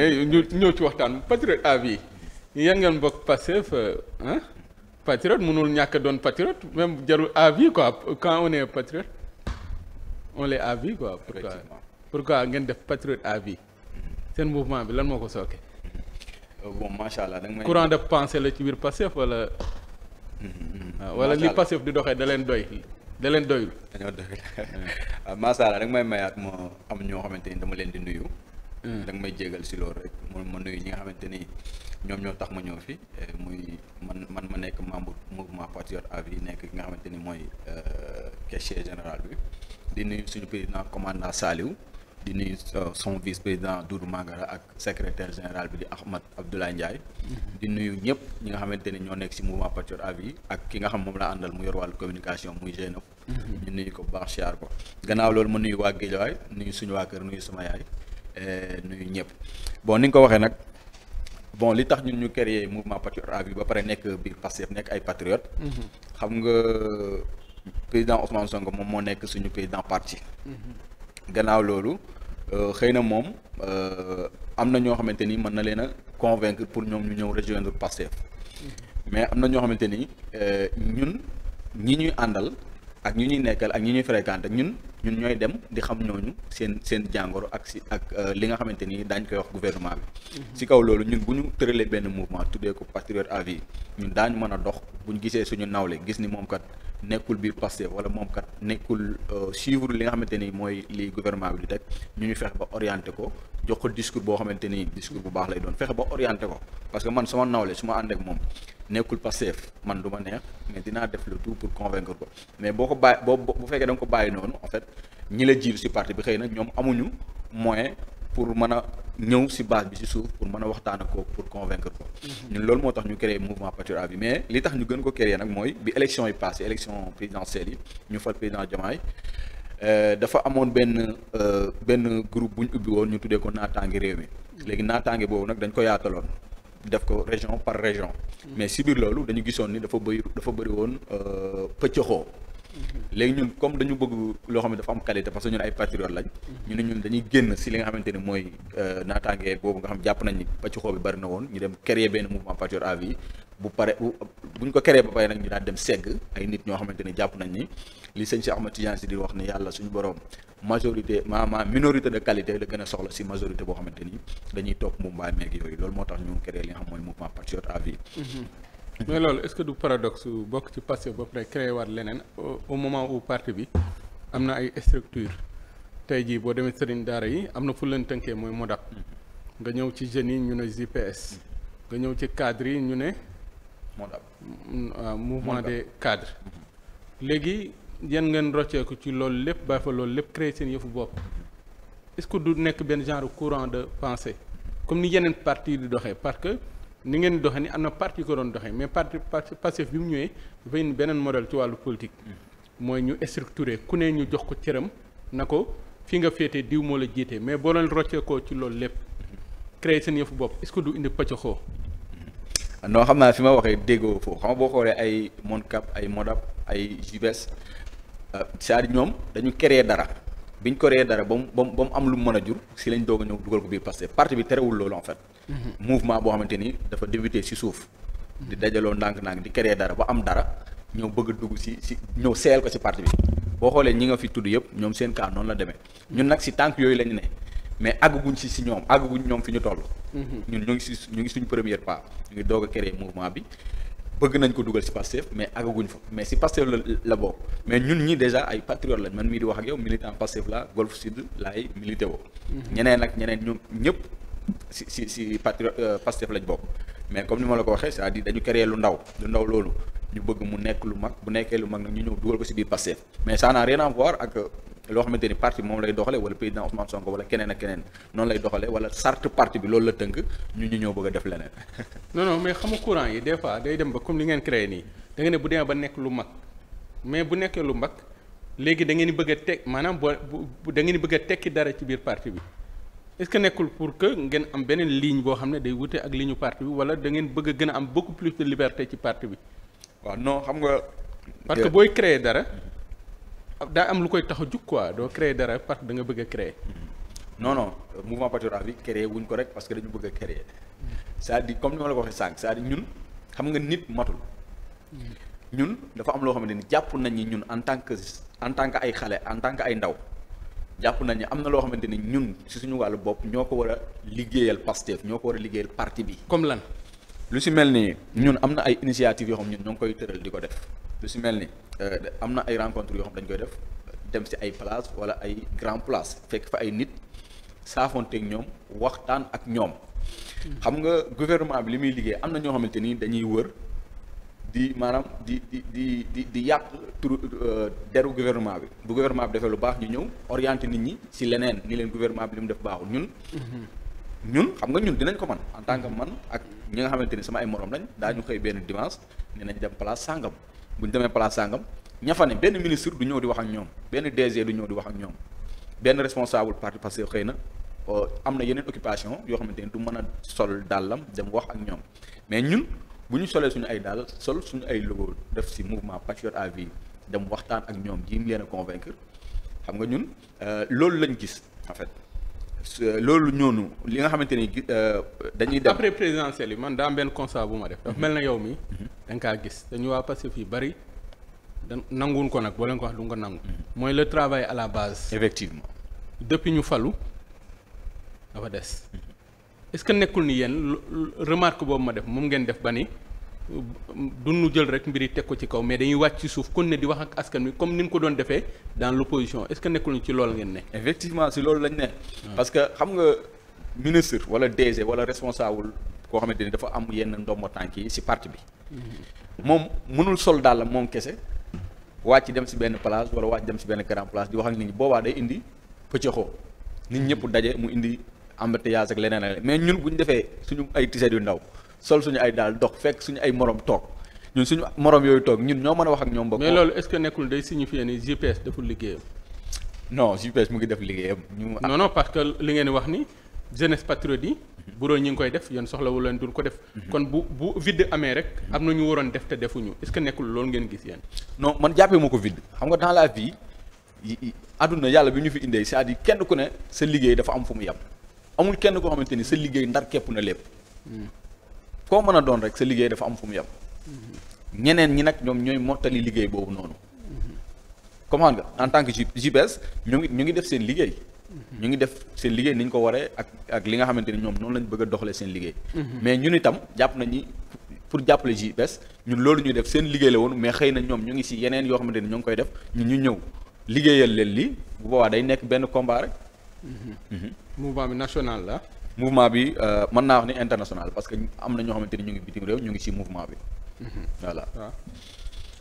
Eh, ñu ñëw ci waxtaan patriote à vie yan ngeen bokk Pastef ah patriote mënul ñàkk doon patriote même jarul à vie quoi quand on est patriote on l'est à ngeen def patriote à vie seen mouvement bi lan moo ko sooke euh, bon macha allah danga may courant def pensée la ci biir Pastef wala mm-hmm, ah, mm-hmm. wala li Pastef di doxee da leen doy da leen doyul dañoo doyul ah, macha allah danga may mayaat moo am ñoo xamante ni dama leen di nuyu Mm. da nga may jégal si loolu rek ma nuyu ñi nga xamante ni ñoom ñoo tax ma ñëw fi eh, muy man man ma nekk membre mouvement patriote à vie nekk ki nga xamante ni mooy euh, caissier général bi di nuyu suñu président commandant Saliou di nuyu euh, son vice président Doudou Mangara ak secrétaire général bi di Ahmad Abdoulaye Ndiaye. Mm-hmm. di nuyu ñëpp ñi nga xamante ni ñoo nekk si mouvement patriote à vie ak ki nga xam moom laa àndal mu yor wàllu communication muy g mm-hmm. ñu nuyu ko bu baax siyaar ko gannaaw loolu ma nuyu waa Guédiawaye nuyu suñu waa kër nuyu sama yaay. Euh, nuyu ñëpp bon ni nga ko waxee nag bon li tax ñun ñu créer mouvement patriote à vie ba pare nekk biir Pastef nekk ay patriote mhm. xam nga président Ousmane Sonko moom moo nekk suñu président parti. Mhm. gannaaw loolu euh, xëy na moom euh, am na ñoo xamante ni mën na leen a convaincre pour ñoom ñu ñëw rejoindre Pastef mhm. mais am na ñoo xamante ni ñun ñi ñuy àndal. ak ñu ñuy nekkal ak ñu ñuy fréquenté ak ñun ñun ñooy dem di xam ñooñu seen seen jàngoro ak si ak euh, li nga xamante ni daañ koy wax gouvernement bi. Mm-hmm. si kaw loolu ñun bu ñu tëralee benn mouvement tuddee ko patriote à vie ñun daañu mën a dox bu ñu gisee suñu nawle gis ni moom kat nekkul biir Pastef wala moom kat nekkul euh, suivre li nga xamante ni mooy lii gouvernement bi di teg ñu ñu fexe ba orienté ko jox ko discours boo xamante ni discours bu baax lay doon fexe ba orienté ko parce que man sama nawle su ma ànd moom. nekkul Pastef man du ma neex mais dinaa def le tout pour convaincre ko mais boo ko bàyyi boo bu fekkee da ko bàyyi noonu en fait ñi la jiitu si parti bi xëy na ñoom amuñu moyen pour mën a ñëw si base bi si suuf pour mën a waxtaan ak ko pour convaincre ko. Mhm. ñun loolu moo tax ñu créé mouvement Pastef bi mais li tax ñu gën ko créé nag mooy bi élection yi passé élection présidentielle yi ñu fal président Diomaye euh, dafa amoon benn euh, benn groupe bu ñu ubbi woon ñu tuddee ko naataange réew mi. Mhm. léegi nag dañ ko yaataloon. def ko région par région. Mm-hmm. mais si biir loolu dañu gisoon ni dafa bëri dafa bëri woon euh, pëccëxoo. Mm-hmm. léegi ñun comme dañu bëgg loo xam ne dafa am qualité parce que ñun ay patriotes lañ. Mm-hmm. ñu ne ñun dañuy génn si li nga xamante ne mooy euh, nataange boobu nga xam jàpp nañ ni pëccëxoo bi bëri na woon ñu dem créer benn mouvement patriote à vie bu pare bu ñu ko créer ba pare nag ñu daal dem segg ay nit ñoo xamante ne jàpp nañ ni. li sëñ si Ahmad Tidiane si di wax ne yàlla suñu borom majorité maanaam minorité de qualité la gën a soxla si majorité boo xamante ni dañuy topp mumbaay meeg yooyu loolu moo tax ñu créé li nga xam mooy mouvement patriote à vie. Mm-hmm. mais loolu est-ce que du paradoxe bokk ci passé au moment où parti bi am na ay structure tey jii boo demee sëriñ daara yi am na fu leen tënkee mooy modap mm-hmm. nga ñëw ci jeunes yi ñu ne GPS mm-hmm. nga ñëw ci cadre yi ñu ne. modap mm, ah, mouvement des cadres léegi yan ngeen rocceeku ci loolu lépp bàyyi fa loolu lépp créer seen yëfu bopp est-ce que du nekk benn genre courant de pensée comme ni yeneen parti di doxee parce que ni ngeen doxe ni am na parti ko doon doxee mais parti Pastef bi mu ñëwee dafa indi beneen modèle ci wàllu politique mm. mooy ñu structuré ku ne ñu jox ko cëram na ko fi nga féetee diw moo la jiitee mais boo leen rocceekoo ci loolu lépp créer seen yëfu bopp est que du indi pëccaxoo mm. non xam naa fi ma waxee déggoo foofu xam boo xoolee ay Moncap ay Modap ay Jubes cest à ñoom dañu créer dara biñ créer dara ba mu ba mu am lu mu mën a jur si lañ doog ñëw dugal ko biir Pastef parti bi terewul loolu en fait. Mhm. mouvement boo xamante ni dafa débuté si suuf. di dajaloo ndànk-ndànk di créer dara ba am dara ñëw bëgg dugg si si ñëw seel ko si parti bi boo xoolee ñi nga fi tudd yëpp ñoom seen cas noonu la demee ñun nag si tànk yooyu lañu ne mais àgguñ si si ñoom àgguñ ñoom fi ñu toll. Mhm. ñu ngi si ñu ngi suñ premier pas ñu ngi doog a créer mouvement bi. bëgg nañ ko dugal ci Pastef mais agaguñ fa mais ci Pastef la la mais ñun ñi déjà ay patriote lañ man mii di wax ak yow militant Pastef la Golf Sud laay milité woo. Mhm. ñeneen ak ñeneen ñëpp si si ci patriote euh, Pastef lañ bokk mais comme ni ma la ko waxee c'est-à-dire dañu créer lu ndaw lu ndaw loolu ñu bëgg mu nekk lu mag bu nekkee lu mag nag ñu ñëw dugal ko ci biir Pastef mais ça n'a rien à ak. loo xamante ni parti moom lay doxale wala président Ousmane Sonko wala keneen ak keneen noonu lay doxale wala charte parti bi loolu la tënk ñu ñu ñëw bëgg a def leneen. non non mais xamu courant yi des fois day dem ba comme li ngeen créé nii da nga ne bu demee ba nekk lu mag mais bu nekkee lu mag léegi da ngeen di bëgg a teg maanaam boo bu ngeen di bëgg a tekki dara ci biir parti bi est-ce que nekkul pour que ngeen am beneen ligne boo xam ne day wute ak ligne parti wala da ngeen bëgg gën am beaucoup plus de ci parti bi. waaw non xam nga. parce que booy créer dara. daa am lu koy tax a jug quoi doo créer dara parce que da nga bëgg a créer. non non mouvement patriotique bi créer wuñ ko rek parce que dañu bëgg a créer cest à comme ni ma la ko waxee sànq cest à ñun xam nga nit matul. ñun dafa am loo xamante ni jàpp nañ ni ñun en tant que en tant que ay xale en tant que ay ndaw jàpp nañ am na loo xamante ni ñun si suñu wàllu bopp ñoo ko war a liggéeyal Pastef ñoo ko war a liggéeyal parti bi. comme lan. lu si mel ni ñun am na ay initiative yoo xam ñun ñoo ngi koy tëral di ko def si mel ni. Euh, am na ay rencontre yoo xam dañ koy def dem si ay place wala ay grand place fekk fa ay nit saafonteeg ñoom waxtaan ak ñoom xam nga gouvernement bi li muy liggéey am na ñoo xamante ni dañuy wër di maanaam di di di di di yàq turu euh, deru gouvernement bi bu gouvernement bi defee lu baax ñu ñëw orienté ñi si leneen ni leen gouvernement bi li mu def baaxul ñun ñun xam nga ñun dinañ ko man en tant que man ak ñi nga xamante ni sama ay morom lañ daa ñu xëy benn dimanche ne nañ dem place sàngam bu ñu demee place sàngam ña benn ministre du ñëw di wax ak ñoom benn DG du ñëw di wax ak ñoom benn responsable parti parce que xëy na o euh, am na yeneen occupation yoo xamante ni du mën a sol dàllam dem wax ak ñoom mais ñun bu ñu solee suñu ay dàll sol suñu ay logo def si mouvement patriote à vie dem waxtaan ak ñoom ji mu leen a xam nga ñun euh, loolu lañ gis en fait. loolu ñoonu li nga xamante ni euh, dañuy dem après présidentielle yi man daa am benn bu ma def dafa mel na yow mi da nga kaa gis dañu waa Pastef yi bari da nangu ko nag boo leen ko wax du nga nangu mhm. mooy le travail à la base effectivement depuis ñu falu dafa des mhm. est-ce que nekkul ni yéen remarque boobu ma def moom ngeen def ba ni duñu jël rek mbir yi teg ko ci kaw mais dañuy wàcc ci suuf kon ne di wax ak askan wi comme ni nga ko doon defee dans l'opposition est-ce que nekkul ci loolu ngeen ne. effectivement si loolu lañ ne. Hmm. parce que xam nga ministre wala DG wala responsable koo xamante ni dafa am yenn ndombo tànk yi si parti bi. Hmm. moom mënul sol daal la moom kese wàcc dem si benn place wala wàcc dem si benn grand place di wax ak nit ñi boobaa day indi pëccëxoo nit ñëpp daje mu indi embouteillage ak leneen mais ñun bu ñu defee suñu ay tiset yu sol suñu ay daal dox fekk suñu ay morom toog ñun suñu morom yooyu toog ñun ñoo mën a wax ak ñoom bokk mais loolu est-ce que nekkul day signifier ni GPS deful liggéeyam non GPS mu ngi def liggéeyam ñu non parce que li ngeen wax ni jeunesse patriote yi bu doon ñi ngi koy def yéen soxlawul leen dul ko def mhm. kon bu bu vide amee rek mhm. am na ñu waroon def te defuñu est-ce que nekkul loolu ngeen gis yéen non man jàppee moo ko vide xam nga dans a vie àdduna yàlla bi ñu fi indee cest à kenn ku ne sa liggéey dafa am fu mu yem amul kenn koo xamante ni sa liggéey ndar képp na lépp mhm. koo mën a doon rek sa liggéey dafa am fu mu yem ñeneen ñi nag ñoom ñooy mottali liggéey boobu noonu comment nga en tant que JPS ñu ngi ñu ngi def seen liggéey ñu ngi def seen liggéey ni ñu ko waree ak ak li nga xamante ni ñoom noonu lañu bëgg a seen liggéey mais ñun itam jàpp nañ ni pour jàppale JPS ñun loolu ñuy def seen liggéey la woon mais xëy na ñoom ñu ngi si yeneen yoo xamante ni ñoo ngi koy def ñun ñu ñëw liggéeyal leen li bu boobaa day nekk benn combat rek bi national la mouvement bi euh, mën naa wax ni international parce que am na ñoo xamante ni ñu ngi bitim réew ñu ngi ci mouvement bi. voilà.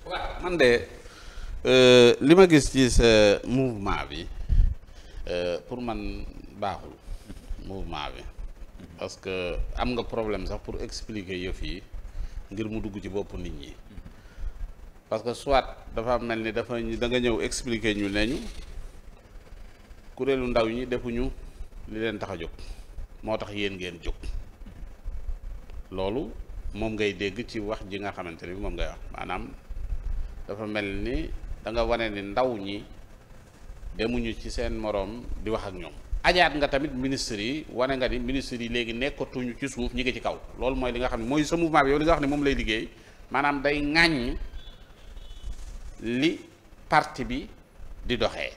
waaw man de euh, li ma gis ci sa mouvement bi euh, pour man baaxul mouvement bi parce que am nga problème sax pour expliquer yëf fii ngir mu dugg ci bopp nit ñi parce que soit dafa mel ni dafa da nga ñëw expliquer ñu ne ñu kuréelu ndaw ñi defuñu li leen tax a jóg. moo tax yéen ngeen jóg loolu moom ngay dégg ci wax ji nga xamante bi moom ngay wax maanaam dafa mel ni da nga wane ni ndaw ñi demuñu ci seen moroom di wax ak ñoom ajaat nga tamit ministre yi wane nga ni ministre yi léegi nekkatuñu ci suuf ñi ngi ci kaw loolu mooy li nga xam ne mooy sa mouvement bi yow li nga xam ne moom lay liggéey maanaam day ŋàññ li parti bi di doxee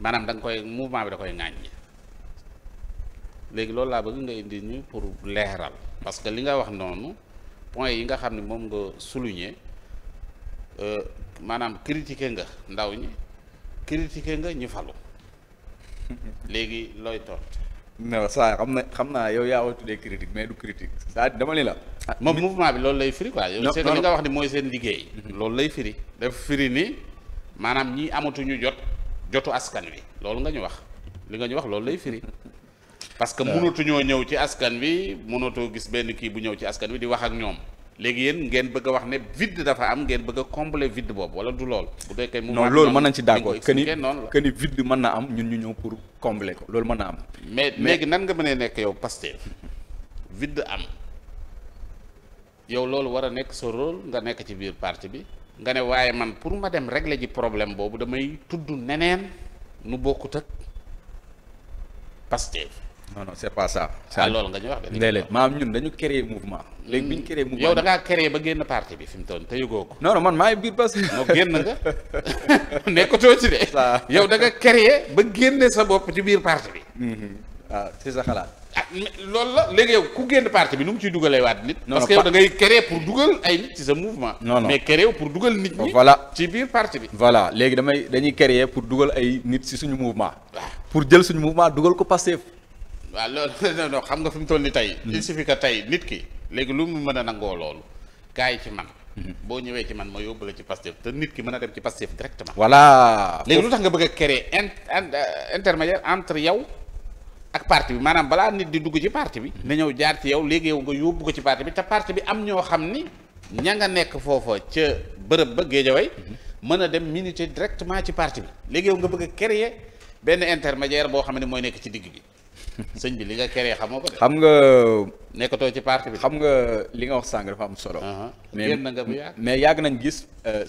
maanaam danga nga koy mouvement bi da koy yi léegi loolu laa bëgg nga indi ñu pour leeral parce que li nga wax noonu point yi nga xam ne moom nga souligner euh, maanaam critiquer nga ndaw ñi critiquer nga ñu falu léegi looy tontu. non ça na xam naa yow yaa war tuddee critique mais du critique ça dama ni la. Ah, moom mouvement bi loolu lay firi quoi. yow c'est que li nga wax ni mooy seen liggéey. Mhm. loolu lay firi. daf firi ni maanaam ñii amatuñu jot jotu askan wi loolu nga ñu wax li nga ñu wax loolu lay firi. parce que ah. mënatuñoo ñëw ci askan wi mënatoo gis benn kii bu ñëw ci askan wi di wax ak ñoom léegi yéen ngeen bëgg a wax ne vide dafa am ngeen bëgg a combler boobu wala du lool. bu dee kay mu non loolu mën nañ ci d'accord que ni que ni vide mën na am ñun ñu ñëw pour combler ko loolu mën na am. mais léegi nan nga mënee nekk yow Pastef vide am yow loolu war a nekk sa rôle nga nekk ci biir parti bi nga ne waaye man pour ma dem régler ji problème boobu damay tudd neneen nu bokkut ak Pastef. non non c' est pas ça. Ah, loolu nga ñu wax de. déedéet maam ñun dañu créer mouvement. léegi bi ñu créer mm. mouvement yow da ngaa ba génn parti bi fi mu toll te yëgoo ko. non non biir parce que. non génn nga nekkatoo ci yow da nga créer ba génne sa bopp ci biir parti bi. waaw mm-hmm. ah, ah, loolu la léegi ku génn parti bi nu mu ciy dugalee waat nit. parce que yow da ngay créer pour dugal ay nit ci sa mouvement. non non mais créer pour dugal nit ñi. voilà ci biir parti bi. voilà léegi damay dañuy créer pour dugal ay nit ci suñu mouvement. pour jël suñu mouvement dugal ko Pastef waa loolu non xam nga fi mu toll ni tey. il mhm. suffit que tey nit ki léegi lu mu mën a nangoo loolu kaay ci man. Mhm. boo ñëwee ci man ma yóbbu la ci Pastef te nit ki mën a dem ci Pastef directement. voilà léegi lu tax nga bëgg a créer euh, intermédiaire entre yow ak parti bi maanaam balaa nit di dugg ci parti bi. Mhm. na ñëw jaar ci yow léegi yow nga yóbbu ko ci parti bi te parti bi am ñoo xam ni. ña nga nekk foofa ca bërëb ba géejaway mën a dem militer directement ci parti bi léegi yow nga bëgg a créer benn intermédiaire boo xam ne mooy nekk ci digg bi. sëñ bi li nga créé xamoo ko xam nga. nekkatoo ci parti bi. xam nga li nga wax sàng dafa am solo. mais mais yàgg nañ gis. Euh,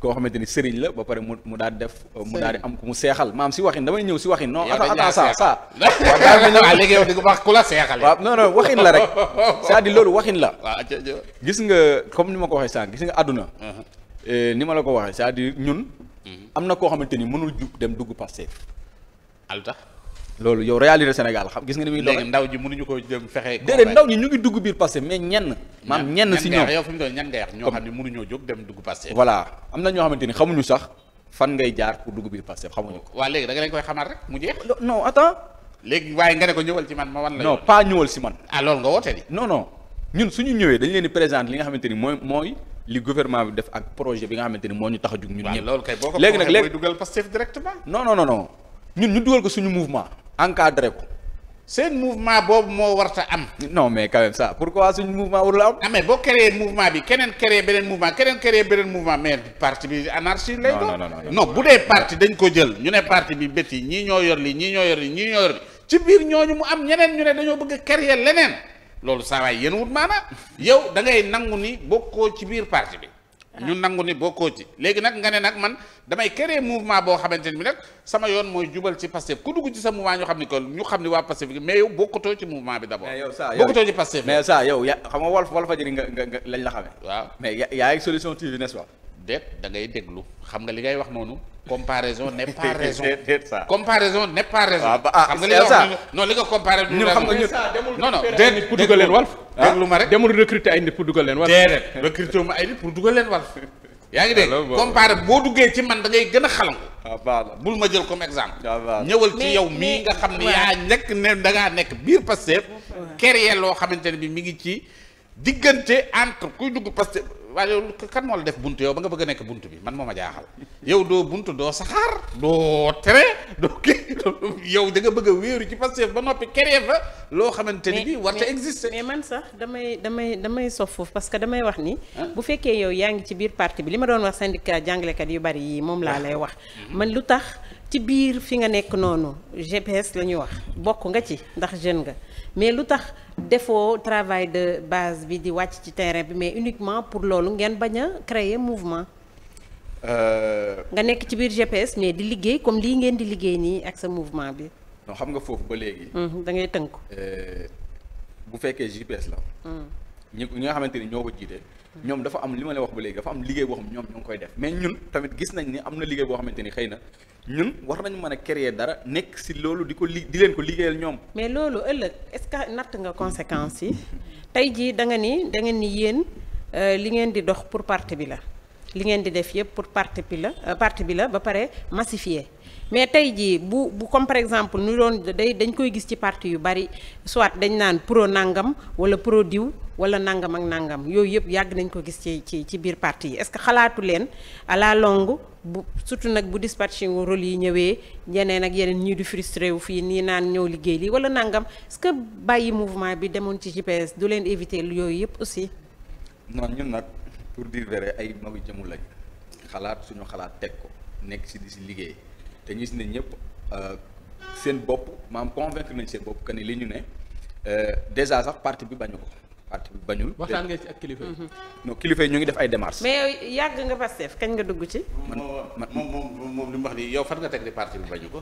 koo xamante ni sëriñ la ba pare mu mu daal def. Euh, mu daal di am ku mu seexal maam si waxin damay ñëw si waxin. non attends ça ça. waaw léegi yow di wax ku la seexal. waaw non non waxin la rek gis nga comme ni ma ko waxee sànq gis nga àdduna. Euh, ni ma la ko waxee c'est-à-dire ñun. Mhm. am na koo xamante ni mënul dem dugg Pastef. loolu yow réalité Sénégal xam gis nga ni muy doxee léegi ndaw ji mënuñu ko jëm fexe. déedéet ndaw ñi ñu ngi dugg biir Pastef mais ñenn. maam ñenn si ñoom nga yow fi mu toll ñan xam ne mënuñoo jóg dem dugg ko. waaw léegi da nga leen koy xamaat rek mu jeex. non wan la. non pas ñëwal si man. ah loolu nga woote di. non non ñun suñu ñëwee dañ leen nga xamante ni mooy mooy li gouvernement bi def ak projet bi moo ñu tax a jug ñun ñëpp léegi nag léegi dugal Pastef directement non non non non ñun ñu dugal ko suñu mouvement encadré ko. seen mouvement boobu moo warta am. non mais quand même ça pourquoi suñ mouvement warul am. amee ah, boo créé mouvement bi keneen créé beneen mouvement keneen créé beneen mouvement mais parti bi anarchie lay doon. non bu dee parti dañ ko jël ñu ne parti bi bët yi ñii ñoo yor li ñii ñoo yor li ñii ñoo yor li ci biir ñu mu am ñeneen ñu ne dañoo bëgg a créer leneen loolu saa waay yéen wut maanaam yow da ngay nangu ni bokkoo ci biir parti bi. ñu nangu ni bokkoo ci léegi nag nga ne nag man damay créer mouvement boo xamante ni bi nag sama yoon mooy jubal ci Pastef ku dugg ci sa mouvement ñu xam ni ko ñu xam ni waa Pastef gi mais yow bokkutoo ci mouvement bi d'abord bokkutoo ci Pastef mais ça yow ya xam nga Walf Walfadjri nga nga lañ la xamee waaw mais yaa solution TV n'est-ce déet da ngay déglu xam nga li ngay wax noonu comparaison n'est raison comparaison n'est raison ah, xam nga ah, li nga wax non li pour dugal leen ah. demul recruter ay nit pour dugal leen yaa ngi dégg comparé boo duggee ci man da gën a xalangu bul ma jël comme exemple ñëwal ci yow mii nga xam ne yaa nekk ne da ngaa nekk biir Pastef kere loo xamante ne bi mi ngi ci diggante entre kuy dugg Pastef waaye yow kan moo la def bunt yow ba nga bëgg a nekk bunt bi man moom ma jaaxal yow doo bunt doo saxaar doo tere doo kii yow da nga bëgg a wéeru ci Pastef ba noppi kere fa loo xamante ni bi warta exister mais man sax damay damay damay sof foofu parce que damay wax ni ah. bu fekkee yow yaa ngi ci biir parti bi li ma doon wax syndicat jàngalekat yu bari yii moom laa lay wax ah. man lu tax ci biir fi nga nekk noonu GPS la ñuy wax bokk nga ci ndax jeune nga mais lu tax defoo travail de base bi di wàcc ci terrain bi mais uniquement pour loolu ngeen bañ a créer mouvement. Euh, nga nekk ci biir GPS mais di liggéey comme lii ngeen di liggéey nii ak sa mouvement bi. non xam nga foofu ba léegi. Hmm, da ngay tënk. Euh, bu fekkee GPS la. Hmm. ñi ñi nga xamante ni ñoo ko jiite. ñoom dafa am li ma lay wax ba léegi dafa am liggéey boo xam ñoom ñoo ngi koy def mais ñun tamit gis nañ ni am na liggéey boo xamante ni xëy na ñun wax nañu mën a créer dara nekk si loolu di ko li di leen ko liggéeyal ñoom. mais loolu ëllëg est-ce que natt nga conséquences yi tey jii da nga ni da ngeen ni yéen euh, li ngeen di dox pour parti bi la li ngeen di def yëpp pour parti bi la euh, parti bi la ba pare massifié. mais tey jii bu bu comme par exemple nu doon day dañ koy gis ci parti yu bari soit dañ naan pro nangam wala produit diw wala nangam ak nangam yooyu yëpp yàgg nañ ko gis ci ci ci biir parti yi est-ce que xalaatu leen à la longue bu surtout nag bu dispatching rôle yi ñëwee yeneen ak yeneen ñii di frustré wu fii nii naan ñëw liggéey lii wala nangam est que bàyyi mouvement bi demoon ci GPS du leen éviter yooyu yëpp aussi. non ñun nag pour dire vrai ay magu jëmu lañ xalaat suñu xalaat teg ko nekk si di liggéey. te gis nañ ñëpp euh, seen bopp maam convaincre nañ seen bopp que ni li ñu ne euh, déjà sax parti bi bañu ko parti bi bañul. waxtaan nga ci ak kilifa yi. Mm-hmm. kilifa yi ñu ngi def ay démarches. mais yàgg nga Pastef kañ nga dugg ci. man moom moom moom li mu wax nii yow fan nga teg ni partie bi bañu ko.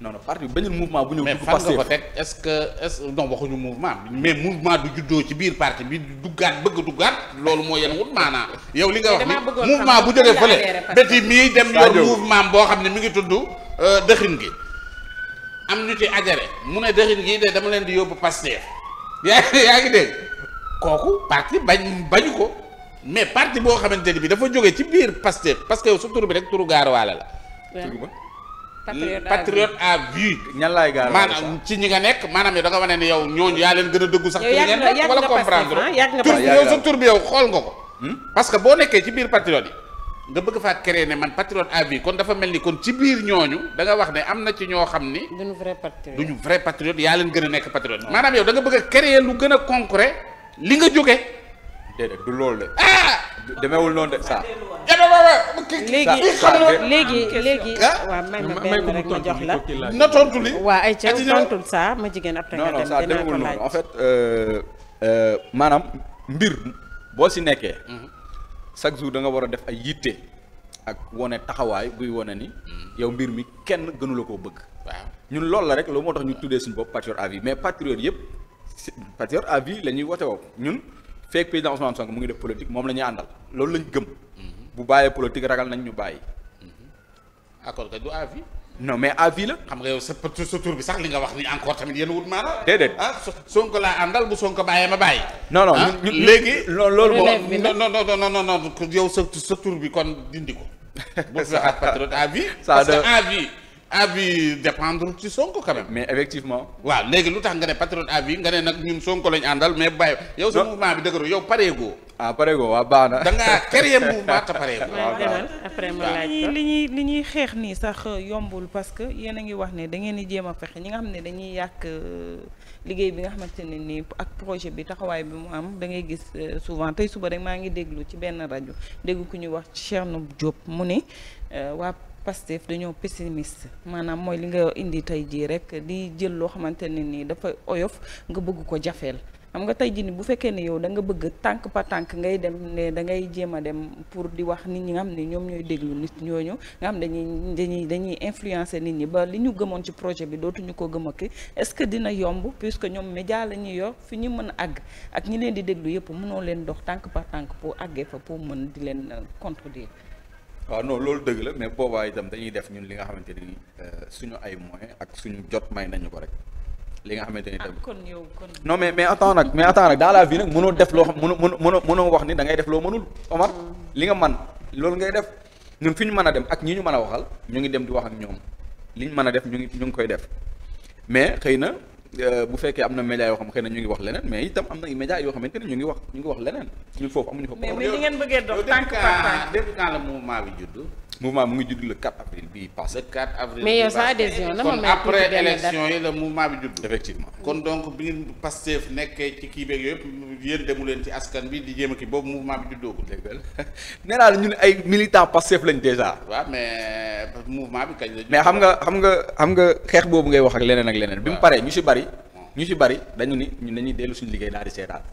non non parti benn mouvement bu ñëw. mais fan nga que est ce non waxuñu mouvement mais mouvement du juddoo ci biir parti bi duggaat bëgg duggaat loolu moo yéen wut maanaa yow li nga wax ni mouvement bu jógee fële béti mii dem yor mouvement boo xam ne mu ngi tudd euh, dëxin gi am ñu ci ajare mu ne dëxin gi de dama leen di yóbbu Pastef yaa yaa ngi dégg kooku parti bañ bañu ko mais parti boo xamante ni bi dafa jógee ci biir Pastef parce que yow su tur bi rek turu gaaruwaale la patriote à patriote à vie. ñan laay gaal maanaam ci ñi nga nekk maanaam yow da nga wane ne yow ñooñu yaa leen gën a dëggu sax. yow ah, sa tur bi yow xool nga ko. Hmm? parce que boo nekkee ci biir patriote yi. nga bëgg faa créer ne man patriote à kon dafa mel ni kon ci biir ñooñu da nga wax ne am na ci ñoo xam ni. duñu vrai patriote duñu vrai patriote yaa leen gën a nekk patriote. maanaam yow da nga bëgg a créer lu gën a concret li nga jóge déedéet du loolu de. ah demeewul noonu de saa léegi léegi léegi waaw may ma benn rek ma jox la na tontu li waaw ay ca tontul saa ma jigéen après nga dem dinaa ko laaj en fait euh, euh, maanaam mbir boo si nekkee mhm. chaque jour da nga war a def ay yitte ak wone taxawaay buy wone ni mhm. yow mbir mi kenn gënu la koo bëgg waaw ñun loolu la rek loolu moo tax ñu tuddee suñu bopp patriote à vie mais patriote yëpp patriote à vie la ñuy wote woo ñun fekk président Ousmane Sonko mu ngi def politique moom la ñuy àndal loolu lañ gëm mhm. bu bàyyee politique ragal nañ ñu bàyyi. accord kay du avis. non mais avis la. xam nga yow sa sa tur bi sax li nga wax ni encore tamit yéen wut maanaam. déedéet ah Sonko laa àndal bu Sonko bàyyee ma bàyyi. non non ñu léegi. loolu moom non non non non non yow sa sa tur bi kon dindi ko. bu fi waxaat patriote avis. parce que avis. à vie dépendre ci Sonko quand mais effectivement. waaw léegi lu tax nga ne patriote à vie nga ne nag ñun Sonko lañ àndal mais bàyyi. yow sa mouvement bi dëgëru yow pareegoo. ah pareegoo waa baax na. da ngaa créer mouvement te pareegoo. après ma laaj li ñuy li ñuy xeex nii sax yombul parce que yéen a ngi wax ne da ngeen di jéem a fexe ñi nga xam ne dañuy yàq euh, liggéey bi nga xamante ne nii ak projet bi taxawaay bi mu am dangay ngay gis euh, souvent tey suba rek maa ngi déglu ci benn rajo dégg ku ñu wax Cherno Diop mu ni euh, waa. Pastef dañoo pessimiste maanaam mooy li nga indi tey jii rek di jël loo xamante ne nii dafa oyof nga bëgg ko jafeel xam nga tey jii ni bu fekkee ne yow da nga bëgg tànk par tànk ngay dem ne da ngay jéem a dem pour di wax nit ñi nga xam ne ñoom ñooy déglu nit ñooñu nga xam dañuy dañuy dañuy influencer nit ñi ba li ñu gëmoon ci projet bi dootuñu ko gëm ki est-ce que dina yomb puisque ñoom média la ñuy yor fi ñu mën a àgg ak ñi leen di déglu yëpp mënoo leen dox tànk par tànk pour àggee fa pour mën di leen contredire waaw no loolu dëgg la mais boobaa itam dañuy def ñun li nga xamante ni euh, suñu ay moyens ak suñu jot may nañu ko rek li nga xamante ni ah, tam kon yow kon non mais mais attends nag mais attends nag dans la vie nag mënoo def loo xam mënoo mënoo mënoo wax ni da ngay def loo mënul Omar mm. li nga man loolu ngay def ñun fi ñu mën a dem ak ñi ñu mën a waxal ñu ngi dem di wax ak ñoom li ñu mën a def ñu ngi ñu ngi koy def mais xëy na Euh, bu fekkee am na média yoo xam xëy na ñu ngi wax leneen mais itam am na ay média yoo xamante ne ñu ngi wax ñu ngi wax leneen ñun foofu amuñu fa. mais li ngeen bëggee dox tànk par tànk. depuis quand la mouvement bi judd. mouvement mu ngi judd le 4 avril bii passé. le 4 avril mais yow sa adhésion la ma may après élection yi la mouvement bi judd. effectivement kon donc bi ngeen Pastef nekkee ci kii beeg yëpp yéen demu leen ci askan bi di jéem a kii boobu mouvement bi juddoogul. dégg nga nee naa la ñun ay militant Pastef lañ déjà. waaw mais mouvement bi kañ la. mais xam nga xam nga xam nga xeex boobu ngay wax ak leneen ak leneen. bi mu paree ñu si bari. ñu si bari dañu ni ñun dañuy dellu suñu liggéey daal di seetaat.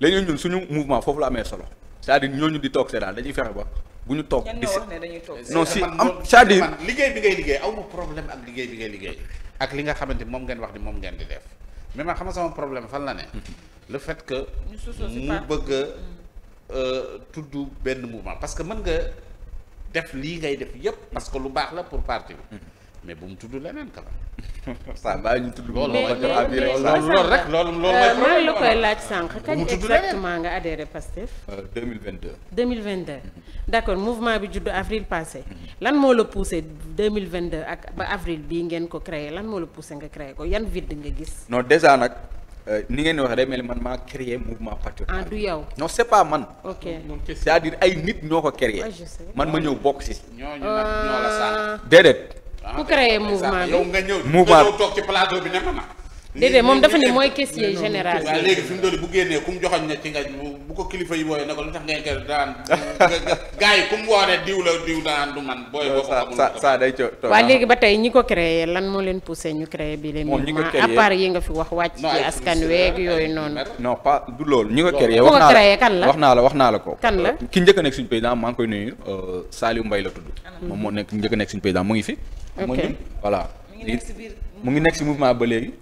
léegi ñun suñu mouvement foofu la amee solo. cest à ñooñu di toog seetaan dañuy fexe ba bu ñu toog. di wax dañuy toog non si am c'est-à-dire liggéey bi ngay liggéey aw ma problème ak liggéey bi ngay liggéey ak li nga xamante ni moom ngeen wax di moom ngeen di def mais man xam nga sama problème fan la ne. le fait que mu bëgg a mm. euh, tudd benn mouvement parce que mën nga def lii ngay def yépp parce que lu baax la pour parti mm. mais bu mu tudd leneen kala. ça va ñu tudd. loolu loolu rek loolu loolu euh, mooy problème la koy laaj sànq. kañ exactement nga adhéré Pastef. 2022. Euh, 2022 d'accord mouvement bi judd avril passé lan moo la poussé 2022 ak ba avril bii ngeen ko créé lan moo la poussé nga créé ko yan vide nga gis. non déjà nag euh, ni ngeen di wax rek mel ni man maa créé mouvement patriotique. ah du yow. non c'est pas man. ok c'est-à-dire ay nit ñoo ko créé. man ma ñëw bokk si. ñooñu nag ñoo la sànq. déedéet. ku créé mouvement bi. yow nga ñëw nga ñëw toog ci plateau bi ne ma déedéet moom dafa ni mooy caissier général. waaw bu génnee ku mu joxoon ne ci nga bu ko kilifa yi booyee na ko lu tax ngay gërëm daan gars yi ku mu wooree diw la diw daan du man. booy boo ko xamul sa sa day co. waaw ah. ba tey ñi ko créé lan moo leen poussé ñu créé bi leen. moom ñi ko créé à yi nga fi wax wàcc ci askan weeg yooyu noonu. non pas du loolu. ñi ko créé wax naa la wax naa la wax naa la ko. kan la ki njëkk a nekk suñu président maa ngi koy nuyu euh, Saliou Mbaye la tudd. moom moo nekk njëkk a nekk suñu président mu ngi fi. voilà mu ngi nekk si mouvement ba léegi.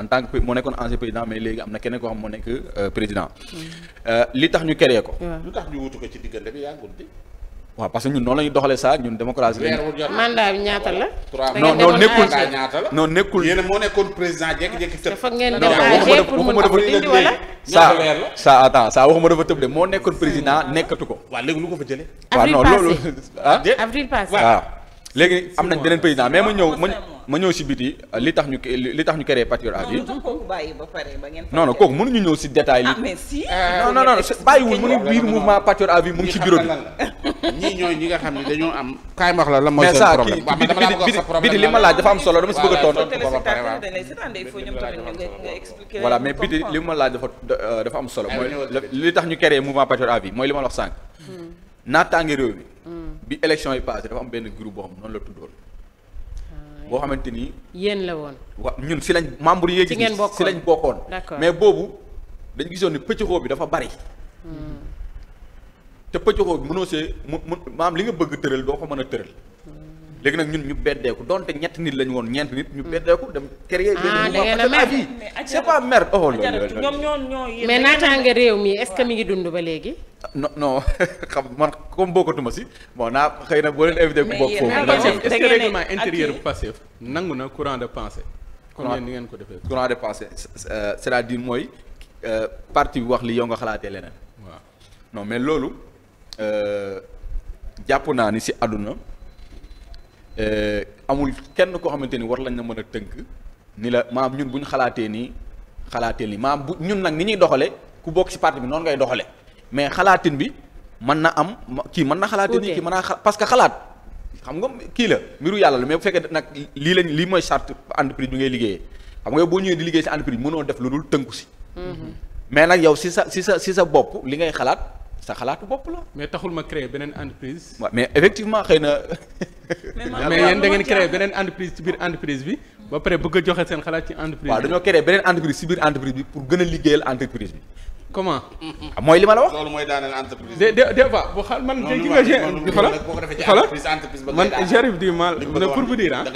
en tant que moo nekkoon ancien président mais léegi am na keneen koo xam moo nekk euh, président. Mm. Euh, li tax ñu créé ko. lu tax ñu wutu ko ci diggante bi yàggul bi. waaw parce que ñun noonu la ñuy doxalee saa ñun démocratie la. mandat bi ñaata la. non non nekkul non nekkul. yéen moo nekkoon président jékki-jékki tëb. dafa ngeen déranger a ko dindi wala. saa saa attends saa waxuma dafa tëb de moo nekkoon président hmm. nekkatu ko. waaw léegi ko fa jëlee. avril passé waaw non waaw. léegi am nañ beneen président mais ma ñëw ma ma ñëw si biti euh, li tax ñu li tax ñu créé Patriote App yi. non non kooku mënuñu ñëw si détail li. ah mais si. Euh, non non non bàyyiwul mu ne biir mouvement Patriote App yi mu ngi si bureau bi. ñii ñi nga xam ne dañoo am. kaay ma wax la lan mooy seen problème mais biti li ma laaj dafa am solo dama si bëgg a tontu. voilà mais biti li ma laaj dafa euh, dafa am solo. mooy li tax ñu créé mouvement Patriote App yi mooy li ma wax sànq. Hmm. naataange réew mi bi élection yi passé dafa am benn groupe boo xam noonu la ah, xamante ni. yéen la woon. wa ñun si lañ membre yi. ci ngeen bokkoon si lañ bokkoon. mais boobu dañu gisoon ni pëccëxoo bi dafa bari. Hmm. te pëccëxoo bi mënoo see mu mu maam li nga bëgg tëral doo ko mën a tëral. Hmm. léegi nag ñun ñu beddeeku donte ñetti nit lañu woon ñeent nit ñu beddeeku dem créer ah, benn oh, mais naataange réew mi est ngi dund ba léegi ah, non xam man comme bokkatuma si bon naa xëy na boo leen invité ku bokk foofu est-ce que règlement intérieur passif nangu na courant de pensée comme ni ngeen ko defee courant de pensée euh, c'est-à-dire mooy euh, parti bi wax li yow nga xalaatee leneen waa non mais loolu euh, jàpp naa ni si àdduna Euh, amul kenn koo xamante ni war lañ na mën a tënk ni la maam ñun bu ñu xalaatee nii xalaatee li maam bu ñun nag ni ñuy doxale ku bokk si parti bi noonu ngay doxale mais xalaatin bi mën na am kii mën na xalaatee nii ki mën naa xalaat parce que xalaat xam nga kii la mbiru yàlla la mais bu fekkee nag lii lañ lii mooy charte entreprise bi ngay liggéeyee xam nga boo ñëwee di liggéey ci entreprise mënoo def lu dul tënku si mhm. mais nag yow si sa si sa si sa bopp li ngay xalaat sa xalaatu bopp la. mais taxul ma créer beneen entreprise. waaw mais effectivement xëy na. mais yéen da ngeen créer beneen entreprise ci biir entreprise bi. ba pare bëgg a joxe seen xalaat ci entreprise bi. dañoo créer beneen entreprise ci biir entreprise bi pour gën a liggéeyal entreprise bi. comment. Ah, mooy li ma la wax. loolu mooy daaneel entreprise. de de des fois bu xal man. non nga xala xala man j'arrive du mal. pour vous dire ah. da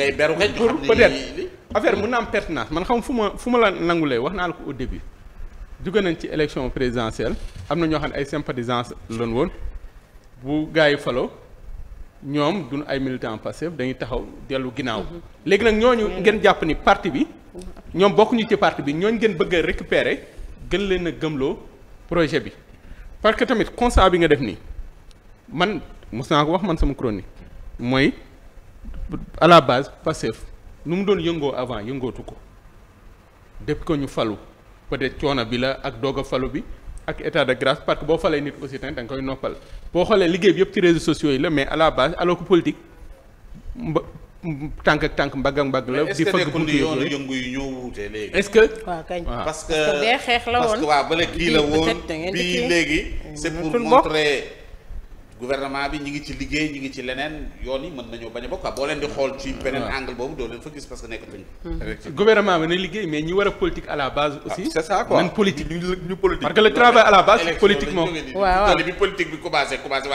ngay man xam fu ma fu ma la nangulee wax naa la ko au début jóge nañ ci élection présidentielle am na ñoo xam ne ay sympathisants lan woon bu gars yi falo ñoom duñ ay militants Pastef dañuy taxaw dellu ginnaaw. Mhm. léegi nag ñooñu ngeen jàpp ni parti bi. ñoom bokkuñu ci parti bi ñooñu ngeen bëgg a récupérer gën leen a gëmloo projet bi. parce que tamit constat bi nga def nii man mos naa ko wax man sama chronique mooy à la base Pastef nu mu doon yëngoo avant yëngootu ko def ko ñu falu. peut-être coono bi la ak doog a falu bi ak état de grâce parce boo falee nit aussi tamit da koy noppal boo xoolee liggéey bi yëpp ci réseaux sociaux yi la mais à la base alors que mba tànk ak tànk mbagg ak mbagg la. di fëgg bu yoonu yëngu yi ñoo wuute léegi. est que parce que parce que waaw bële kii la woon bii léegi c'est pour montrer. gouvernement bi ñi ngi ci liggéey ñi ngi ci leneen yoon yi mën nañoo bañ a bokk boo leen di xool ci beneen angle boobu doo fa gis parce que nekkatuñu. gouvernement bi na liggéey mais ñi war a politique à la base. aussi c'est ça ñu politique. parce que le travail à la base politique moom. waaw waaw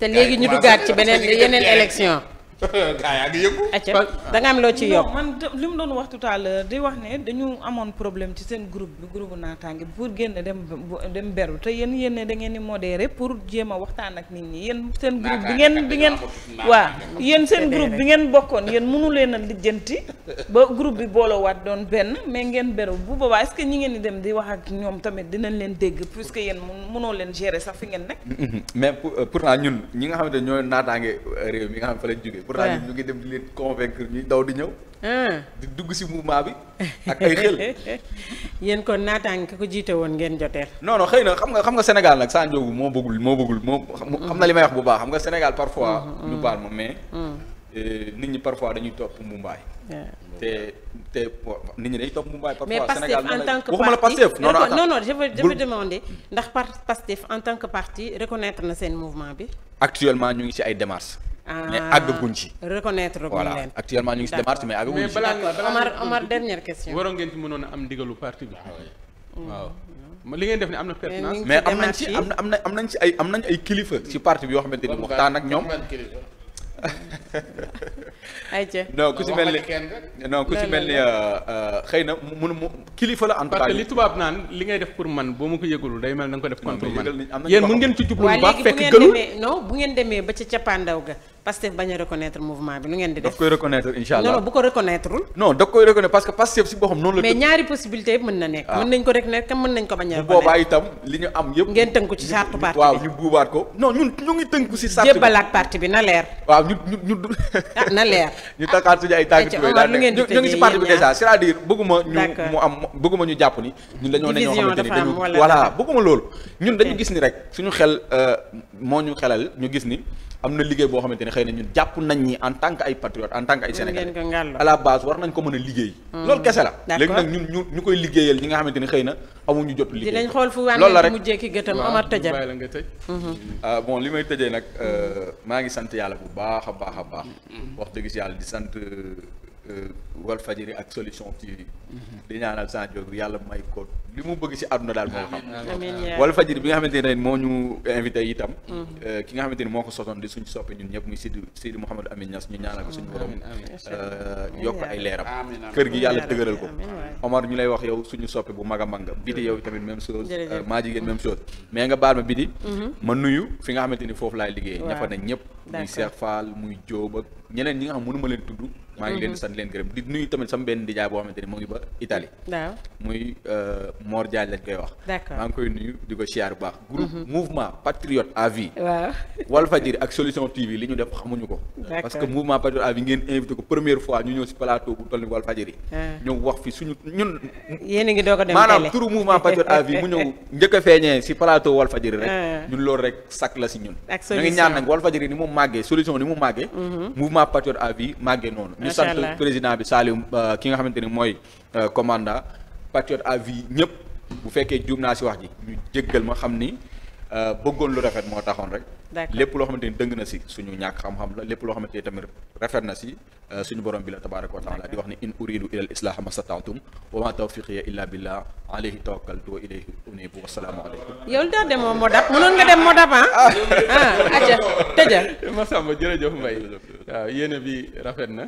te léegi ñu duggaat ci beneen yeneen élection. gaa yaa ngi yëngu. da nga am loo ci yokk man li mu doon wax tout à l'heure di wax ne dañu amoon problème ci seen groupe bi groupe naataange pour génn dem dem beru te yéen yéen da ngeen di modéré pour jéema waxtaan ak nit ñi yéen seen groupe bi ngeen bi ngeen waa yéen seen groupe bi ngeen bokkoon yéen mënu leen a lijjanti ba groupe bi booloowaat doon benn mais ngeen beru bu boobaa est que ñi ngeen di dem di wax ak ñoom tamit dinañ leen dégg puisque yéen mënoo leen gérer sax fi ngeen nekk mais euh, pourtant ñun ñi nga xamante ñoo naataange euh, réew mi pourtant ñun ñu ngi dem di leen convaincre ñuy daw di ñëw. Ah. dugg si mouvement bi ak ay xel. yéen kon naataang woon ngeen joteel. non xëy na xam nga xam nga Sénégal nag Sandio moo bëggul moo bëggul moo. xam na li may bu baax xam nga Sénégal parfois. Mm-hmm, mm-hmm. ñu baal mais. Mm. Eh, nit ñi parfois dañuy topp Mumbaay. te te nit ñi dañuy topp Mumbaay parfois Sénégal en tant que en tant que parti reconnaître na seen mouvement bi. actuellement ñu ngi ci ay démarches. mais ah, àggaguñ ci. reconnaître guñ leen voilà actuellement ñu ngi si démarche mais àggaguñ ci. mais Omar Omar dernière question. waroon ngeen ci mënoon a am ndigalu parti bi. Ah mm. waaw mm. li ngeen def ne am na pertinence. mais am nañ ci am na am na am nañ ci ay am nañ ay kilifa. ci parti bi yoo xamante ni waxtaan ak ñoom. ayca non ku si mel ni non ku si mel ni euh, euh, xëy na mun mu kilifa la en tout cas. parce que li tubaab naan li ngay def pour man boo ma ko yëgulul day mel na nga ko def contre man yéen mun ngeen ci jublu bu baax fekk gënul non bu ngeen demee ba ca cappaandaw ga Pastef bañ a reconnaître mouvement bi lu ngeen di def. daf koy reconnaître incha allah non non bu ko reconnaître. non daf koy reconnaître parce que Pastef si boppam noonu la. mais ñaari possibilité yëpp mën na nekk. Ah. mën nañ ko reconnaître mën nañ ko bañ a. bu boobaa itam li ñu am yëpp. ngeen tënku ci charte parti bi waaw ñu buubaat ko. non ñun ñu ngi tënku si. charte bi jébbalaat parti bi na leer. waaw ñu ñu ñu. ah na leer. ñu takkaat suñu ay tànk tuuti daal nekk ñu ngi si parti bi déjà c'est-à-dire bëgguma ñu mu am bëgguma ñu jàpp ni ñun dañoo ne ñoo xamante ni dañu voilà bëgguma loolu ñun dañu gis ni rek suñu xel euh, moo ñu xelal ñu gis ni am na liggéey boo xamante ne xëy na ñun jàpp nañ ñi en tant que ay patriote en tant que ay sénégalais à la base war nañ ko mën a liggéey hmm. loolu kese la léegi nag ñun ñu ñu koy liggéeyal ñi nga xamante ne xëy na amuñu jot liggéey dinañ xool fu wàññi loolu la rek mu jékki gëtam Omar tëjal hmm. ah, bon li may tëjee nag euh, maa ngi sant yàlla bu baax a baax a baax hmm. wax dëgg si yàlla di sant Euh, Walfadjri ak solution TV mhm. di ñaanal Sa Ndiogou yàlla may ko li mu bëgg ci àdduna daal moo xam Walfadjri bi nga xamante ne moo ñu invité itam mhm. euh, ki nga xamante ni moo ko sosoon di suñu soppe ñun ñëpp muy Sidi Sidi Mouhamadou Amine Niass ñu ñaanal ko suñu borom euh, yokk ay leeram kër gi yàlla dëgëral ko Omar ñu lay wax yow suñu soppe bu mag a mag nga mm-hmm. Bidi yow tamit même chose maa jigéen même mm-hmm. chose mais nga baal ma Bidi mm-hmm. ma nuyu fi nga xamante ni foofu laay liggéey ñafa nañ ñëpp muy Cheikh Fall muy Diop ak ñeneen ñi nga maa ngi leen di leen gërëm di nuyu tamit sama benn nijaay boo xamante ni mu ngi ba Italie waaw muy euh, Mor lañ koy wax maa ngi nuyu di ko siyaar bu baax mhm. groupe mouvement patriote à vie waaw Walfadjri ak solution TV li ñu def xamuñu ko parce que mouvement patriote à vie ngeen invité ko première fois ñu ñëw si plateau bu toll ni ah. wax fi suñu ñun yéen a ngi doog a dem maanaam turu mouvement patriote à vie mu ñëw njëkk a feeñee si plateau Walfadjri rek ah. ñun loolu rek sac la si ñun ñu ngi ñaan nag Walfadjri ni mu màggee solution ni mu màggee mhm. mouvement patriote à vie màggee noonu di sant président bi Saliou euh, ki nga xamante ni mooy euh, commandant patriote à vie ñëpp bu fekkee juum naa si wax ji ñu jéggal ma xam ni euh, bëggoon lu rafet moo taxoon rek. lépp loo xamante ni dëng na si suñu ñàkk xam-xam la lépp loo xamante ni tamit rafet na si suñu borom bi la tabaaraka wa taala di wax ni in uridu ila al islaha ma stataatum wa ma tawfiqiya illa billah alayhi tawakkaltu wa ilayhi unibu wasalaamu aleykum yow daa demoo modap mënoon nga dem modap ah? ah ah aja ma sàmm bi rafet na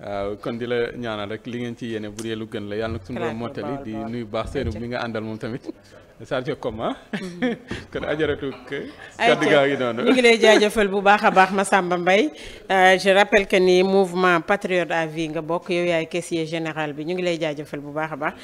waaw kon di la ñaanal rek li ngeen ci yéene bu dee lu gën la yàlla nag suñu borom mottali di nuyu baax seenu mi nga àndal moom tamit Sadio mhm. Koma ah. mhm. kon ajaratu kaddu gaa ngi noonu ñu ngi lay jaajëfal bu baax a baax Massamba Mbaye euh, je rappelle que ni mouvement patriote à vie nga bokk yow yaay caissier général bi ñu ngi lay jaajëfal bu baax a baax